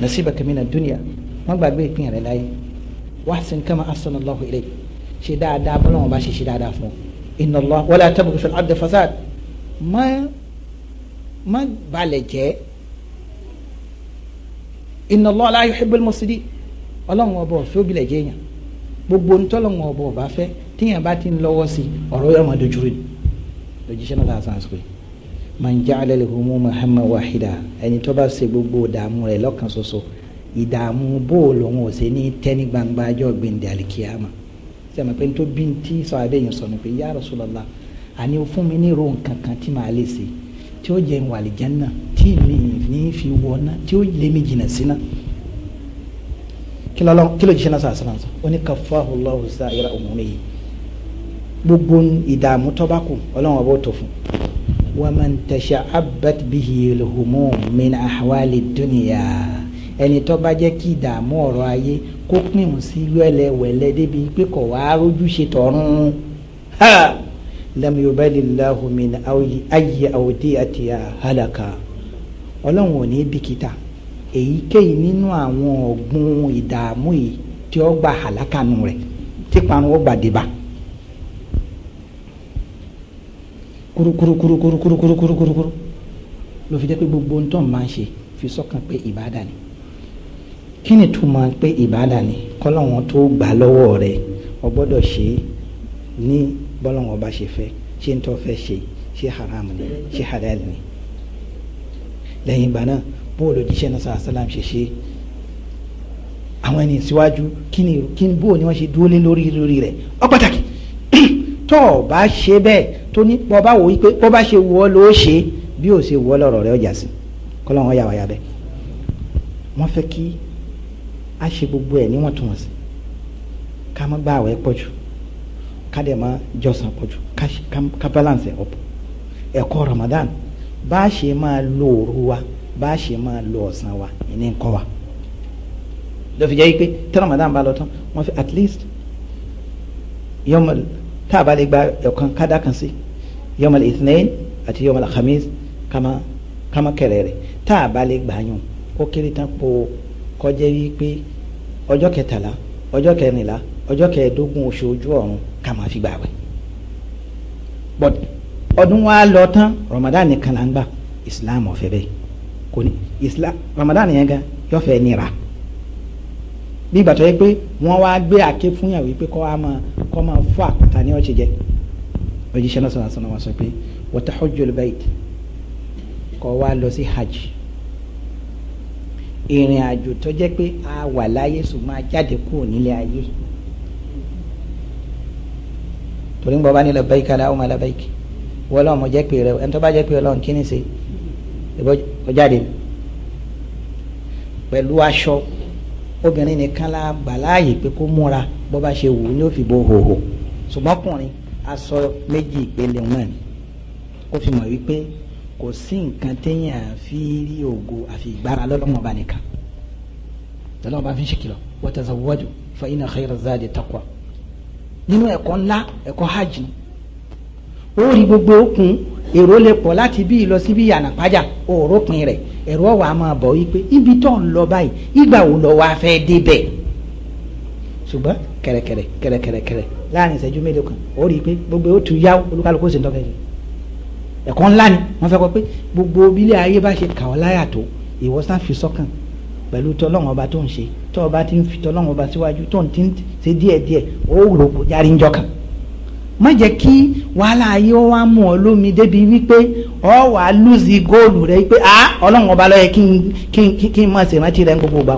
nasibaka mina dunya má gbàgbé ìpín rẹ láyé wahsin kama ahsana Allahu ilayk ṣe dáadáa bọ́lá wọn bá ṣe ṣe dáadáa fún ọ inna Allah wala tabghi fil ardi fasad má má balẹ̀ jẹ́ inna Allah la yuhibbul mufsidin ọlọ́run ọba ọ̀fẹ́ òbílẹ̀ jẹ́ yẹn gbogbo ntọ́lọ́run ọba ọba fẹ́ tíyẹn bá ti ń lọ́wọ́ sí ọ̀rọ̀ yọ̀ọ́ máa dojúrò ni lójúṣẹ́ náà láti sàn án sọ pé man jaala le humu mahama wahida ẹni tó bá ṣe gbogbo ìdààmú rẹ̀ lọ́kàn ṣoṣo ìdààmú bó lòun ò ṣe ní tẹ́ni gbangba ajọ́ gbẹ̀ndẹ̀ alikiyama sẹ́mi pé tó bí tí sọ abẹ́yẹn sọ ni pé ya Rasulullah àní o fún mi ní ro nǹkan kan tí màá lè ṣe tí ó jẹ́ ìwà àlìjánná mi ní fi wọ́ná tí ó lé mi jìnnà síná kí ló jíṣẹ́ náà sàṣàlá sọ ó ní kaffahu Allahu sa'ira umurihi gbogbo ìdààmú tó bá kù ọlọ́run ọba ó tó fún ومن تشعبت به الهموم من أحوال الدنيا ẹni tó bá jẹ́ kí ìdààmú ọ̀rọ̀ ayé kó pín sí wẹ́lẹ́wẹ́lẹ́ débi pé kò wá rójú ṣe tọ̀run lam yubalillahu min ayi awudi ati halaka ọlọ́run ò ní bìkítà èyíkéyìí nínú àwọn ọ̀gbun ìdààmú yìí tí ó gba halaka rẹ̀ tí parun ó gbàdébà. kurukurukurukurukurukuru ló fi jẹ́ pé gbogbo ń tàn máa ń ṣe fi sọ́kàn pé ìbáàdà ni kí ni túmọ̀ pé ìbáàdà ni kọ́lọ́wọ́n tó gbà lọ́wọ́ rẹ̀ o gbọ́dọ̀ ṣe é ní bọ́lọ́wọ́n bá ṣe fẹ́ ṣé ń tọ́ fẹ́ ṣe ṣé haram ni ṣé halal ni lẹ́yìn ìgbà náà bóòlù òjíṣẹ́ náà sàlá sàlám ṣe ṣe àwọn ẹni síwájú kí ni bóòlù ni wọ́n ṣe dúró lé lórí lórí rẹ̀ ó pàtàkì tó o bá ṣe bẹ́ẹ̀ tó ní bọ́ bá wò wípé bó bá ṣe wù ló ṣe bí ò ṣe wù lọ́rọ̀ rẹ ọjà sí kọ́lọ́ wọn yà wáyà bẹ́ẹ̀ wọ́n fẹ́ kí a ṣe gbogbo ẹ̀ níwọ̀ntúnwọ̀nsì ká má gba àwẹ̀ pọ̀jù ká dẹ̀ má jọ̀sán pọ̀jù ká balance ẹ̀ ọ̀pọ̀ ẹ̀kọ́ Ramadan bá a ṣe máa lo òru wa bá a ṣe máa lo ọ̀sán wa ìní ń kọ́ wa lọ́fi jẹ́ pé tí Ramadan bá lọ tán wọ́n fi at least yọmọ tá a bá lè gba ọ̀kan kádà kan sí yọmọlẹ ìtìlẹyìn àti yọmọlẹ khamis kama kama kẹrẹ rẹ tá a bá lè gbà yàn ó kéré tán po kọjá yìí pé ọjọ́ kẹtàlá ọjọ́ kẹrìnlá ọjọ́ kẹẹ̀ẹ́dógún oṣù ojú ọ̀run ká máa fi gbà wẹ̀ but ọdún wa lọ tán Ramadan nìkan là ń gbà Islam ọ̀fẹ́ bẹ́ẹ̀ kò ní Islam Ramadan yẹn gan yọ̀fẹ́ nira bí ìgbà tó yẹ pé wọ́n wá gbé àké fún yàwó yìí pé kọ́ wa máa kọ́ máa fọ́ àkúta ní ọ̀ṣẹ̀ jẹ́ òjíṣẹ́ náà sọ̀rọ̀ sọ̀rọ̀ wọn sọ pé watahujjul bayt kọ́ wa lọ sí hajj ìrìn àjò tó jẹ́ pé a wà láyé ṣùgbọ́n a jáde kúrò nílé ayé torí ń bọ́ bá ní labbaik Allahumma labbaik wọ́n lọ́mọ jẹ́ pé rẹ ẹni tó bá jẹ́ pé Ọlọ́run kí ṣe ìbọn ọjáde pẹ̀lú aṣọ obìnrin nìkan la gbà láàyè pé kó múra bó bá ṣe wù ú ní òfìbò hòhò ṣùgbọ́n ọkùnrin aṣọ méjì ìpele náà ni kó fi mọ̀ wípé kò sí nǹkan téèyàn fi rí ògo àfi ìgbára lọ́lọ́mọba nìkan lọ́lọ́mọba fi ń ṣèkìlọ̀ wa tazawwadu fa inna khayra zadi taqwa nínú ẹ̀kọ́ ńlá ẹ̀kọ́ hajj ni ó rí gbogbo òkun èrò lè pọ̀ láti bí lọ sí bí ànàpájà òòró pin rẹ̀ ẹ̀rọ wà á máa bọ̀ wípé ibi tó ń lọ báyìí ìgbà wo lọ wá fẹ́ débẹ̀ ṣùgbọ́n kẹ̀rẹ̀kẹ̀rẹ̀ kẹ̀rẹ̀kẹ̀rẹ̀ láàrin ìṣẹ́jú mélòó kan ó rí i pé gbogbo ó tu yáwó olúkálukú sì ń tọ́fẹ́ yìí ẹ̀kọ́ ńlá ni wọ́n fẹ́ kọ́ pé gbogbo bílẹ̀ ayé bá ṣe kà ọ́ láyà tó ìwọ sá fi sọ́kàn pẹ̀lú tọ́lọ́wọ́n ọba tó ń ṣe tọ́ ti ń fi tọ́lọ́wọ́n ọba síwájú tó ń ti ń ṣe díẹ̀díẹ̀ ó rò járí ń jọkàn má jẹ́ kí wàhálà ayé ó wá mú ọ lómi débi wípé ọ wàá lùzì góòlù rẹ wípé a ah, ọlọ́run ọba lọ́yẹ kí n kí n kí n máa ṣèrántí rẹ gbogbo gbà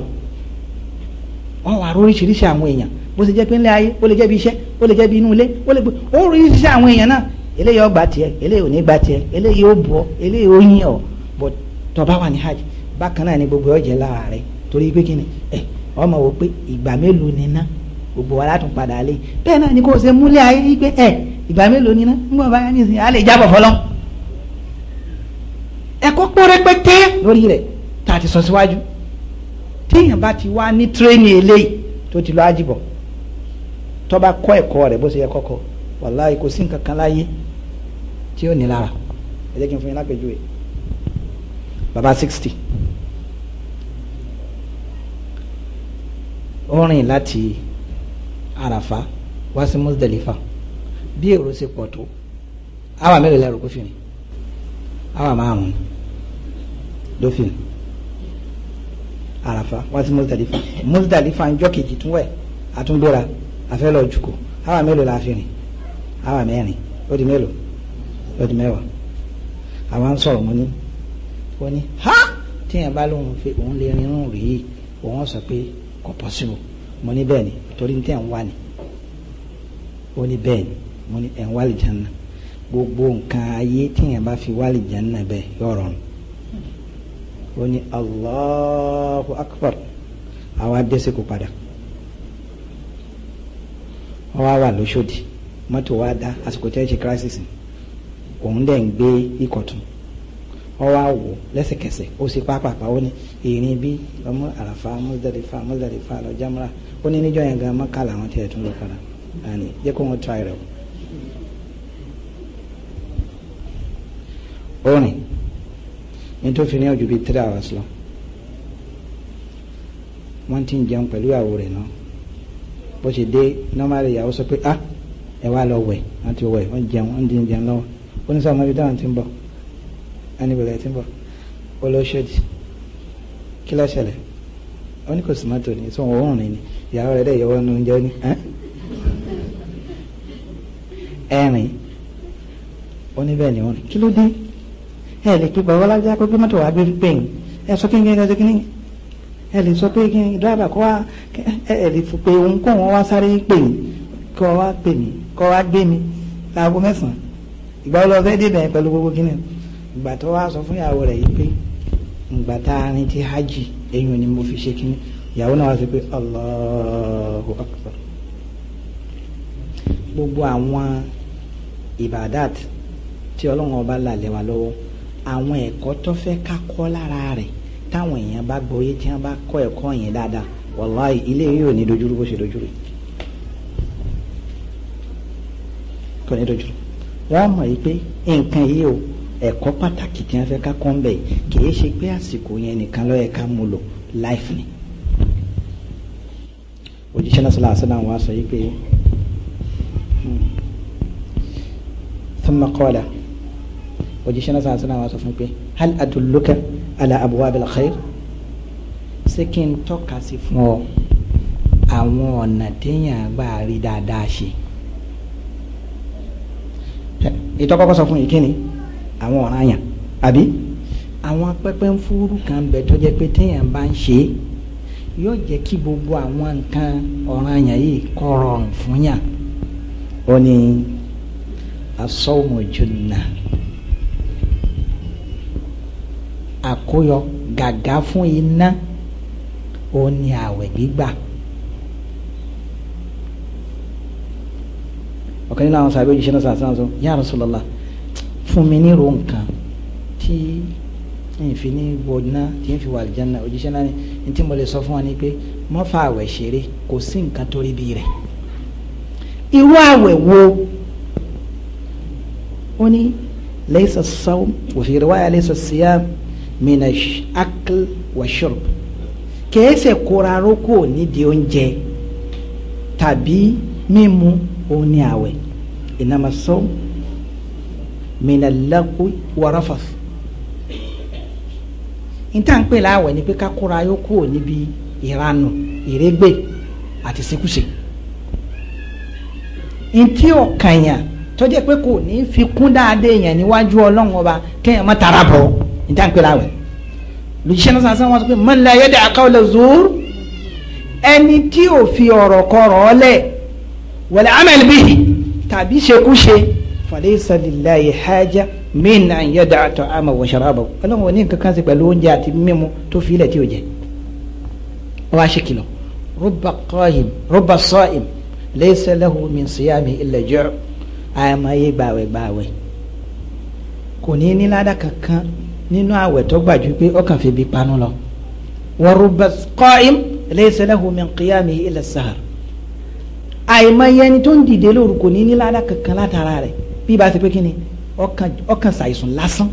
wọn wàá róríṣiríṣi àwọn èèyàn bó ṣe jẹ́ pé ńlẹ̀ ayé ó lè jẹ́ bí iṣẹ́ ó lè jẹ́ bí inú ilé ó lè gbé ó róríṣiríṣi àwọn èèyàn náà eléyìí tiẹ̀ eléyìí hajj bákan náà gbogbo lára rẹ torí pé ẹ ọmọ wò gbogbo wa padà lé bẹ́ẹ̀ náà ni kò ṣe ìgbà mélòó ni ná ńgbọ́n báyà nísìnyí a lè jábọ̀ fọlọ́ ẹ̀kọ́ pọ́n rẹpẹtẹ lórí rẹ̀ tá a ti sọ síwájú téèyàn bá ti wá ní tírénì eléyìí tó ti lọ ájìbọ̀ tó bá kọ́ ẹ̀kọ́ rẹ̀ bó ṣe yẹ kọ́kọ́ wàláhì kò sí nǹkan kan láyé tí ó ní lára ẹ jẹ́ kí n fún yín lápèjúwe baba sixty ó rìn láti àràfá wá sí Muzdalifa bí èrò ṣe pọ̀ tó àwa mélòó lẹ́rù kó fìrìn àwa márùn ló fìrìn àràfà wá sí mọ́sítàlífà mọ́sítàlífà ń jọ́ kejì tún wẹ̀ àtúndóra àfẹ́lọ́ jùkọ́ àwa mélòó la fìrìn àwa mẹ́rin ó di mélòó ó di mẹ́wàá àwa ń sọ̀rọ̀ mọ́ ní wọ́n ní ha tíyẹn bá lóun fi òun lè rin irun rèé òun sọ pé kò pọ̀ sí o mo ní bẹ́ẹ̀ ni torí ní tẹ̀ ń wá ni ó ní bẹ́ẹ̀ ni mo ní ẹ̀ ń wálì jẹ́nà gbogbo nǹkan ayé tíyẹn bá fi wálì jẹ́nà bẹ́ẹ̀ yọ̀rọ̀ nù ó ní Allahu akbar àwa dẹ́sẹ̀ kó padà wọ́n wá wà lóṣòdì mọ́tò wa dá àsìkò tí wọ́n ṣe crisis òun dẹ̀ ń gbé ikọ̀ tún wọ́n wá wò lẹ́sẹ̀kẹsẹ̀ ó sì pápápá ó ní ìrìn bí ọmọ àràfà mọ́sídẹ̀ẹ́fà mọ́sídẹ̀ẹ́fà lọ jámúra ó ní níjọ́ yẹn gan mọ́kàlà àwọn tiẹ̀ tún lọ padà àní jẹ́ kó wọ́n try rẹ̀ orin nítorí fi ní ọjọ́ bíi three hours lọ wọ́n ti ń jẹun pẹ̀lú ìyàwó rẹ̀ náà bó ṣe dé normally ìyàwó sọ pé ah ẹ wá lọ wẹ̀ wọ́n ti wẹ̀ wọ́n jẹun wọ́n ti ń jẹun lọ́wọ́ ó ní sáà mọ́bí dáhùn ti ń bọ̀ ẹni bẹ̀rẹ̀ ti ń bọ̀ ó lọ ṣèjì kí ló ṣẹlẹ̀ ó ní kò sí mọ́tò ní sọ wọn òórùn ni ìyàwó rẹ̀ dẹ̀ yọwọ́ nu oúnjẹ ní ẹ̀rìn ó ní bẹ́ẹ̀ ni òórùn kí ló dé ẹ lè pe bàbá ọlájà pé bí mọ́tò wà gbé bẹ́ẹ̀ ẹ sọ kíni ẹ sọ kíni ẹ lè sọ pé kíni dírẹ́bà kọ́ wa ẹ lè fò pé òun kò wọ́n wá sáré pè mí kọ́ wa pè mí kọ́ wa gbé mi láago mẹ́sàn-án ìgbà wo lọ fẹ́ dé bẹ̀rẹ̀ pẹ̀lú gbogbo kíni ìgbà tó wá sọ fún ìyàwó rẹ̀ a rin ti hajj eyín ni mo fi ṣe kíni ìyàwó náà wá sí Allahu Akbar gbogbo àwọn ibadat tiolong ọlọ́run ọba là àwọn ẹ̀kọ́ tó fẹ́ ká kọ́ lára rẹ̀ táwọn èèyàn bá gbọ́ yé tí wọ́n bá kọ́ ẹ̀kọ́ yẹn dáadáa wàláì ilé yìí ò ní dojúrú bó ṣe dojúrú kò ní dojúrú wọ́n mọ̀ yìí pé nǹkan yìí o ẹ̀kọ́ pàtàkì tí wọ́n fẹ́ ká kọ́ ń bẹ̀ kì í ṣe pé àsìkò yẹn nìkan ló ká mú lò láìfù ni òjíṣẹ́ náà sọlá àṣẹ náà wọ́n á sọ yìí pé hmm òjíṣẹ́ náà sàásì náà wà sọ fún pé hal adulluka ala abwab alkhair ṣé kí n tọ́ka sí fún ọ àwọn ọ̀nà téèyàn gbà rí dáadáa ṣe ìtọ́kọ́kọ́ sọ fún yìí kíni àwọn ọ̀ràn àyàn àbí àwọn pẹpẹ ń fúrú kan bẹ tó jẹ pé téèyàn bá ń ṣe yóò jẹ́ kí gbogbo àwọn nǹkan ọ̀ràn àyàn yìí kó rọrùn fún yàn ó ní asọ́wọ́mọ̀jọ́nà àkóyọ gàgà fún iná òun ni àwẹ̀ gbígbà ọ̀kan nínú àwọn sàbẹ̀ òjíṣẹ́ náà sàṣà sọ ya Rasulullah fún mi ní ro nǹkan tí n fi ní wọná tí n fi wà àlìjáná òjíṣẹ́ náà ni tí mo lè sọ fún wa ni pé má fa àwẹ̀ ṣeré kò sí nǹkan tó rí bí rẹ̀ irú àwẹ̀ wo ó ní laysa as-sawm wa fi riwaya laysa minash akl wa shurb kèésè kóraró kò nídìí oúnjẹ tàbí mímu òun ní àwẹ̀ ìnàmásọ́ minalaku warafas níta ń pè láwẹ̀ ni pé ká kóraró kò níbi ìranù ìrégbè àti ṣekúṣe ntí ọ̀kànyà tó jẹ́ pé kò ní fi kún dáadé yẹn níwájú ọlọ́run ọba kéèyàn má tara bọ̀ níta ń pè láwẹ̀ lójúṣẹ́ náà sàn sàn wọ́n sọ pé man la yada qawla zur ẹni tí ò fi ọ̀rọ̀ kọrọ̀ ọ́lẹ̀ wala amal bihi tàbí ṣekúṣe falaysa lillahi haja min an yada'a ta'amahu wa sharabahu ọlọ́run ní nǹkan kan sí pẹ̀lú oúnjẹ àti mímu tó fi ilẹ̀ tí ò jẹ wọ́n á ṣe kìlọ̀ rubba qa'im rubba sa'im laysa lahu min siyamihi illa ju' àmọ́ gbàwẹ̀ gbàwẹ̀ kò ní ní ládàá kankan nínú àwẹ̀ tó gbàjú pé ọkàn fi bi panu lọ wọ́rùbà kọ́ìm laysa lahu min qiyamihi illa sahar àìmọye ẹni tó ń dìde lóru kò ní ní ládà kankan látara rẹ̀ bí ba ṣe pé kíni ọkàn ṣàìsùn lásán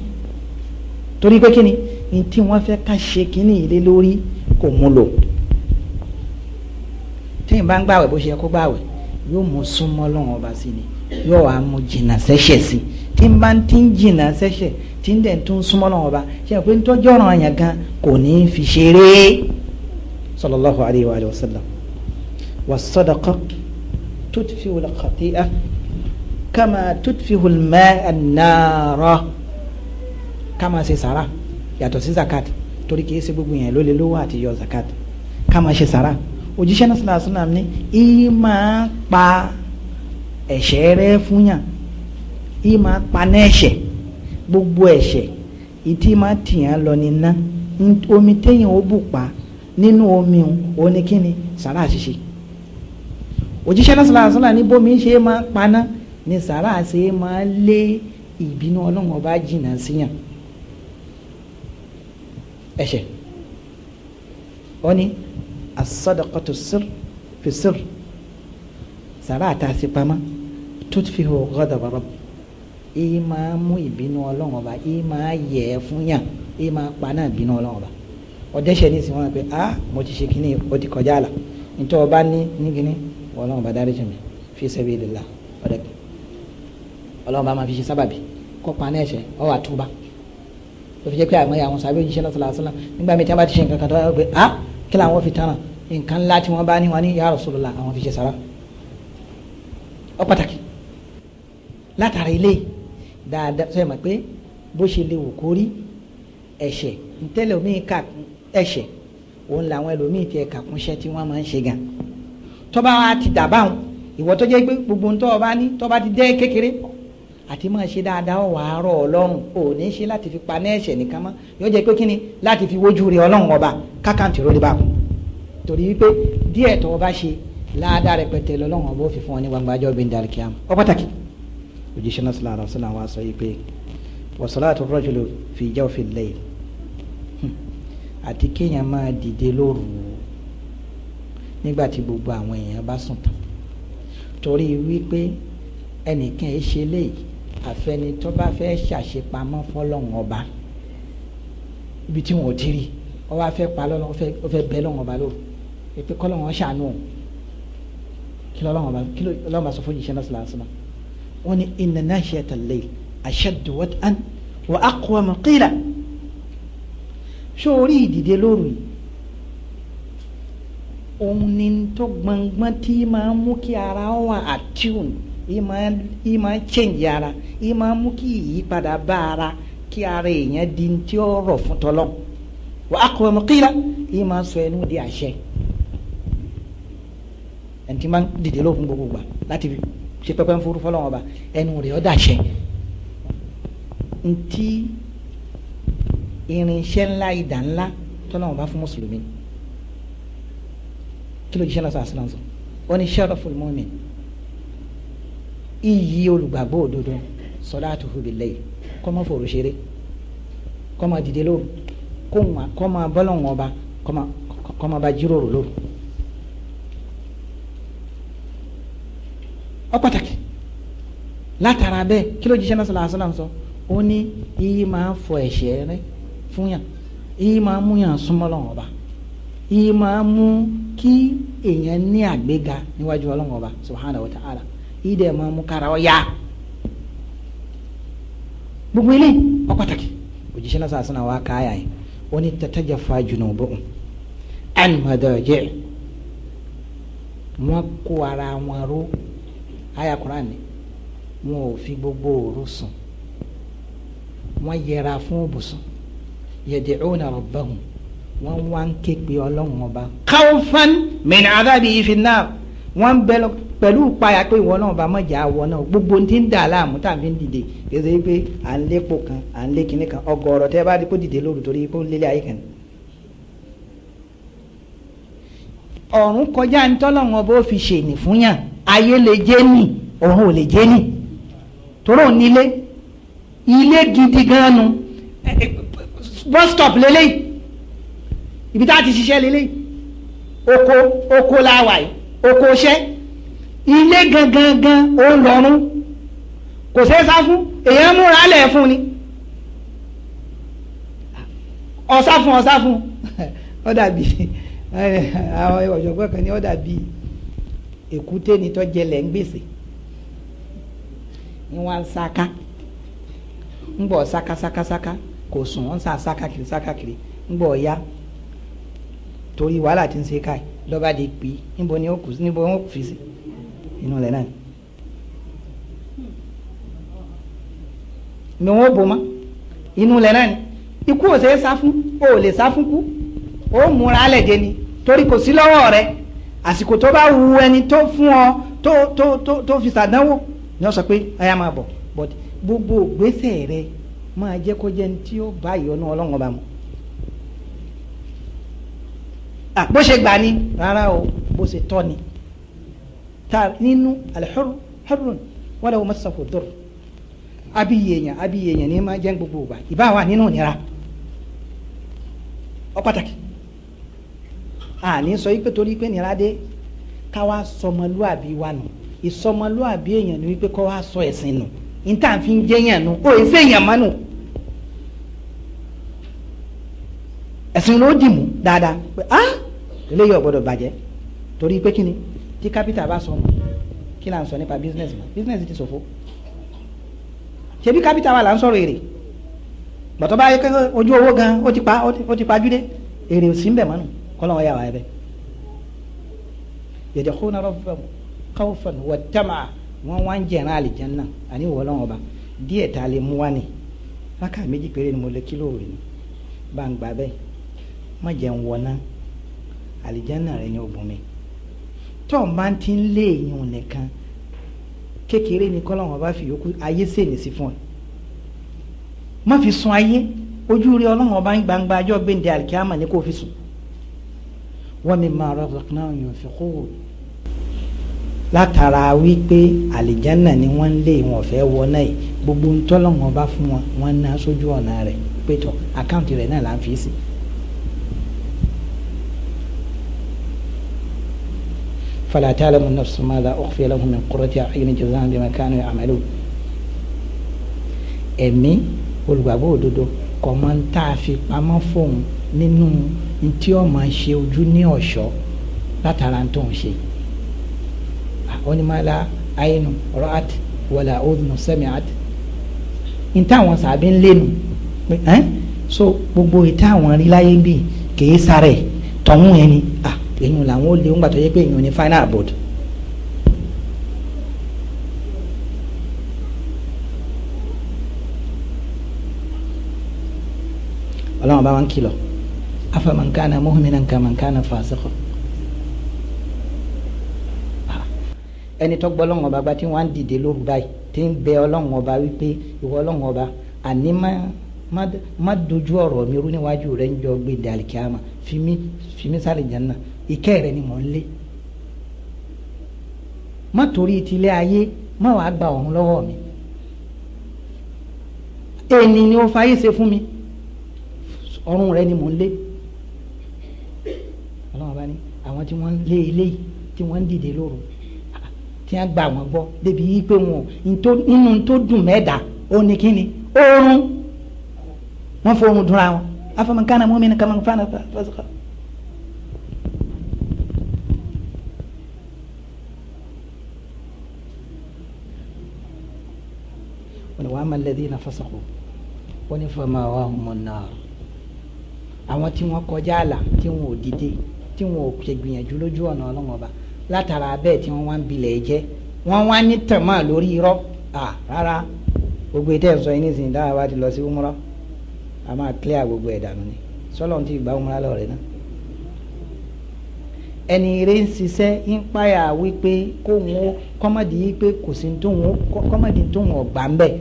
torí pé kíni ní tí wọ́n fẹ́ ká ṣe kíni ilé lórí kò mú lò téèyàn bá ń gbàwẹ̀ bó ṣe yẹ kó gbàwẹ̀ yóò mú súnmọ́ lọ́wọ́ ọba sí ni yóò wá mú jìnnà sẹ́ṣẹ̀ sí i tí n bá ti ń jìnnà sẹ́sẹ̀ tí n dẹ̀ tún súnmọ́ náà ọba ṣe é pé ntọ́jú ọ̀ràn àyàn gan kò ní í fi ṣeré sallallahu alayhi wa sallam wa sadaqa tutfi wal khati'a kama tutfi wal ma'a kama ṣe sàrà yàtọ̀ sí zakat torí kìí ṣe gbogbo yẹn ló lè lówó zakat ká máa ṣe sàrà òjíṣẹ́ náà sallallahu alaihi wasallam ní í máa yìí máa paná ẹ̀ṣẹ̀ gbogbo ẹ̀ṣẹ̀ ìtì máa tìyàn lọ nínà omi téèyàn ó bù pa nínú omi òun ni kíni sàrà ṣíṣe òjíṣẹ́ náà sọ̀rọ̀ àṣọlá ní bómi ṣe máa paná ni sàrà ṣe máa lé ìbínú ọlọ́run ọba jìnnà síyàn ẹ̀ṣẹ̀ wọ́n asọ́dọ̀kọ́tò sir fi sir sàrà àtàsípamọ́ tó fi hàn ọ̀gọ́dọ̀ bàbá èyí máa mú ìbínú ọlọ́run ọba èyí máa yẹ ẹ fún yàn èyí máa pa náà ìbínú ọlọ́run ọba ọ̀dẹ́sẹ̀ ní ìsìn wọn pé ah mo ti ṣe kínní o ti kọjá àlà nítorí ọba ní ní kínní ọlọ́run ọba dáríjì mi fi sabilillah ọ̀dẹ́kẹ́ ọlọ́run ọba máa fi ṣe sábàbí kọ́ pa náà ẹ̀ṣẹ̀ ọ wà túbà ló fi jẹ́ pé àmọ́ àwọn sábẹ́ òjíṣẹ́ náà sọ̀rọ̀ àṣọlá nígbà míì tí wọ́n bá ti ṣe nǹkan kan tó wá pé ah kí ya Rasulullah àwọn fi ṣe sára ọ pàtàkì látara dáadáa sọ ma pé bó ṣe lè wò kó rí ẹ̀ṣẹ̀ ntẹ́lẹ̀ omi kà ẹ̀ṣẹ̀ òun làwọn ẹlòmíì tiẹ̀ kàkúnṣẹ́ tí wọ́n máa ń ṣe gan tọ́ba wa ti dà báwọn ìwọ tó jẹ́ pé gbogbo ntọ́ ọba ní tọ́ba ti dẹ́ kékeré àti máa ṣe dáadáa ọ̀ wàá rọ̀ ọlọ́run ò ní ṣe láti fi pa ní ẹ̀ṣẹ̀ nìkan mọ́ yóò jẹ́ pé kíni láti fi wojú rẹ ọlọ́run ọba kákàntì rẹ bá torí wípé díẹ̀ tó ọba ṣe láàdá rẹpẹtẹ lọ́lọ́run ọba ó fi fún ọ ní gbangba ọjọ́ bíi ndàlkíyàmù ọ pàtàkì òjíṣẹ́ náà sallallahu alaihi wasallam wa sọ yìí pé wa salatu rajulu fi jawfi al-layl hmm. àti kéèyàn máa dìde lóru nígbà tí gbogbo àwọn èèyàn bá sùn tán torí wípé ẹnìkan ẹ ṣe léyìí àfẹni tó bá fẹ́ ṣàṣepamọ́ fọlọ́run ọba ibi tí wọn ò ti rí ọ wá fẹ́ pa lọ́nà ó fẹ́ bẹ́ lọ́wọ́n ọba wọ́n ní inna nahiyata al-layl ashaddu wat'an wa aqwamu qila sórí ìdìde lóru yìí òun ni tó gbọ̀ngbọ́n tí máa mú kí ara wà attune yìí máa change ara yìí máa mú kí ìyípadà bá ara kí ara èèyàn di tí ó fún tọ́lọ́ wa aqwamu qila yìí máa sọ ẹnu di àṣẹ ẹni tí máa dìde lóru gbogbo gbà láti fi ṣe pẹpẹ ń forú fọlọ́wọn ọba ẹnu rẹ̀ ọ́ dàṣẹ ntí irinṣẹ́ ńlá ìdá ńlá tọ́lọ́wọn bá fún mùsùlùmí kí ló jíṣẹ́ náà sọ àṣìlá sọ ó ní sharaful mu'min iyì olùgbàgbọ́ òdodo salatuhu billahi kọ́ mọ́ fòrò ṣeré kọ́ mọ́ dìde lóru kó mọ́ bọ́lọ̀ wọn ọba kọ́ mọ́ bá jíròrò lóru. ọ pàtàkì látara bẹ́ẹ̀ kí ló jíṣẹ́ náà sọ̀rọ̀ àṣọ náà sọ ó ní iye máa ń fọ ẹ̀ṣẹ̀ rẹ fún yàn iye máa ń mú yàn súnmọ́ lọ́wọ́n ọba iye máa ń mú kí èèyàn ní àgbéga níwájú ọlọ́wọ́n ọba subhanahu wa ta'ala iye dẹ̀ máa ń mú kára ọ yá gbogbo ilé ọ pàtàkì òjíṣẹ́ náà sọ̀rọ̀ àṣọ náà wá káyà yìí ó ní tatajafa junubuhum an madaji' wọ́n kó ara wọn ró aya Quran ni wọn ò fi gbogbo òru sùn wọn yẹra fún òbùsùn yad'una rabbahum wọn wá ń ké pe ọlọ́run ọba. khawfan min adhabihi fin nar wọn bẹ pẹ̀lú ìpayà pé ìwọ náà bá mọ̀jà àwọ̀ náà gbogbo ti ń dà láàmú tàbí ń dìde kéde pé à ń lépo kan à ń lé kinní kan ọgọ́rọ̀ tẹ́ bá rí kó dìde lóru torí kó lélẹ̀ ayé kan. ọ̀run kọjá ń tọ́lọ́run ọba ó fi ṣèlè fún yàn ayé le jẹ́ nì ọ̀run ò lè jẹ́ nì tóró nílé ilé gidi gan nu bus stop lélẹ́yìí ibi tá a ti ṣiṣẹ́ lélẹ́yìí oko oko láwà yìí oko ṣẹ́ ilé gangan gan ó ń lọ́rùn kò ṣeé sá fún èèyàn múra lẹ̀ fún ni ọ̀sá fún ọ̀sá fún ó dàbí àwọn ọ̀jọ̀gbọ́n kan ní ó dàbí. èkúté ni tó jẹlẹ̀ ń gbèsè ni wọ́n ń saka saka saka saka kò sùn wọ́n ń saka kiri saka kiri ń bọ̀ ya tori wàhálà ti ń ṣe káyì lọ́ba de pè é ni ó kù sí níbo ó fi sí inú rẹ̀ náà ni wọ́n bò mọ́ inú rẹ̀ náà ni ikú ò ṣe sá fún o ò lè sá fún kú ó múra lẹ̀ jẹ ni torí kò sí lọ́wọ́ rẹ̀. àsìkò tó bá wu ẹni tó fún ọ tó tó tó tó fi sàdánwò ni wọ́n sọ pé aya máa bọ̀ but gbogbo gbèsè rẹ máa jẹ́ kó jẹ́ ní tí ó bá ìyọnu ọlọ́run ọba mu bó ṣe gbà ni rárá o bó ṣe tọ́ ni nínú alḥurru hurrun wala o masafu dur abiyeyan abiyeyan ni máa jẹ́ gbogbo ìgbà ìbá wa nínú ìnira ọ pàtàkì àní sọ wípé torí pé nira dé káwa sọmọlúàbí wa nù ìsọmọlúàbí èèyàn ni wípé kọ́ wa sọ ẹ̀sìn nù níta fi ń jẹ́yàn nù ó èsì èèyàn mọ́ nù ẹ̀sìn ló dì mú dáadáa pé ah eléyìí ọ̀gbọ́dọ̀ bàjẹ́ torí pé kí ni tí kápítà bá sọnù kí là ń sọ nípa business ma business ti ṣòfò ṣebí kápítà wa là ń sọ̀rọ̀ èrè gbọ̀tọ́ bá yẹ kẹ́kẹ́ ojú owó gan ó ti pa ó ti pa júdé èrè ò sí ń bẹ̀ mọ́nù kọ́lọ́wọ́n yà wá yẹ bẹ́ẹ̀ yadkhuna rabbahum khawfan wa tama'a wọ́n wá ń jẹ̀rán àlìjánná àní wọ́lọ́wọ́n ọba díẹ̀ tá a ah, lè mú wá ni láka méjì péré ni mo lè kílò rè ni bá ń gbà bẹ́ẹ̀ má jẹ́ ń wọná àlìjánná rẹ ni ó bùn mi tọ́ ọ̀ máa ti ń lé èèyàn nìkan kékeré ni kọ́lọ́wọ́n bá fi yòókù ayé sèlè sí fún ọ má fi sun ayé ojú rí ọlọ́wọ́n bá ń gbangba ajọ́ gbéǹde àlìkíyàmà ni kò fi sùn wa mimma razaqnahum yunfiqun látara wípé àlìjánà ni wọ́n ń lé wọn fẹ́ wọ náà yìí gbogbo ntọ́lọ́wọ́n bá fún wọn wọ́n ná sójú ọ̀nà rẹ̀ pétọ́ àkáǹtì rẹ̀ náà là ń fi sí. fala ta'lamu nafsun ma la ukhfiya lahum min qurrati a'yunin jaza'an ẹ̀mí olùgbàgbọ́ òdodo kọ̀ máa ń tá pamọ́ fóun nínú ntí ọmọ ṣe ojú ní ọ̀ṣọ́ látara tó ń ṣe onímọ̀lá àyínú ọ̀rọ̀ àti wọlé ọdún sẹ́mi àti ntí sàbí ń lẹ́nu so gbogbo ìta àwọn rí láyé bíi kìí sáré tọ̀hún ẹni à èyàn làwọn ó lé ńgbà tó yẹ pé èyàn ní final board. ọlọ́run bá wa kìlọ̀ afaman kana mu'minan kaman kana fasiqa ẹni tó gbọ́ ọlọ́run ọba bá tí wọ́n á dìde lóru báyìí tí ń bẹ ọlọ́run ọba wípé ìwọ ọlọ́run ọba àní má dojú ọ̀rọ̀ mi rú níwájú rẹ̀ ń jọ gbé dàlíkíámà fi mí fi sáré jẹ́nà ìkẹ́ rẹ̀ ni mò ń lé má torí tilé ayé má wàá gba ọ̀run lọ́wọ́ mi ẹni ni ó fayé ṣe fún mi ọ̀run rẹ̀ ni mò ń lé àwọn tí wọ́n lé eléyìí tí wọ́n ń dìde lóru tí wọ́n gbà wọ́n gbọ́ débi yìí pé wọn inú tó dùn mẹ́ẹ̀dá ó ní kíni oorun wọ́n fọ́ọ̀rùn dúnra wọn afọmọkànnà mọ́mí ni kàmọ́fàánà fọ́sọ́kọ́. wàhámà lẹ́dínà fásakò wọ́n ní fọmọ àwọn ọmọ náà àwọn tí wọ́n kọjá àlà tí wọ́n ò dìde tí wọn ò ṣe gbìyànjú lójú ọ̀nà ọlọ́run ọba látara bẹ́ẹ̀ tí wọ́n wá ń bilẹ̀ jẹ́ wọ́n wá ní tẹ̀mọ́ lórí irọ́ à rárá gbogbo ètò ẹ̀sọ́ yìí nísìnyí dáhà bá ti lọ sí umrọ́ a máa clear gbogbo ẹ̀ dànù ni sọ́lọ́ ti gba umrọ́ lọ rẹ̀ náà ẹni eré ń ṣiṣẹ́ ń páyà wípé kó wọn kọ́mọ̀dì yìí pé kò sí tóun kọ́mọ̀dì tóun ọ̀gbà ń bẹ̀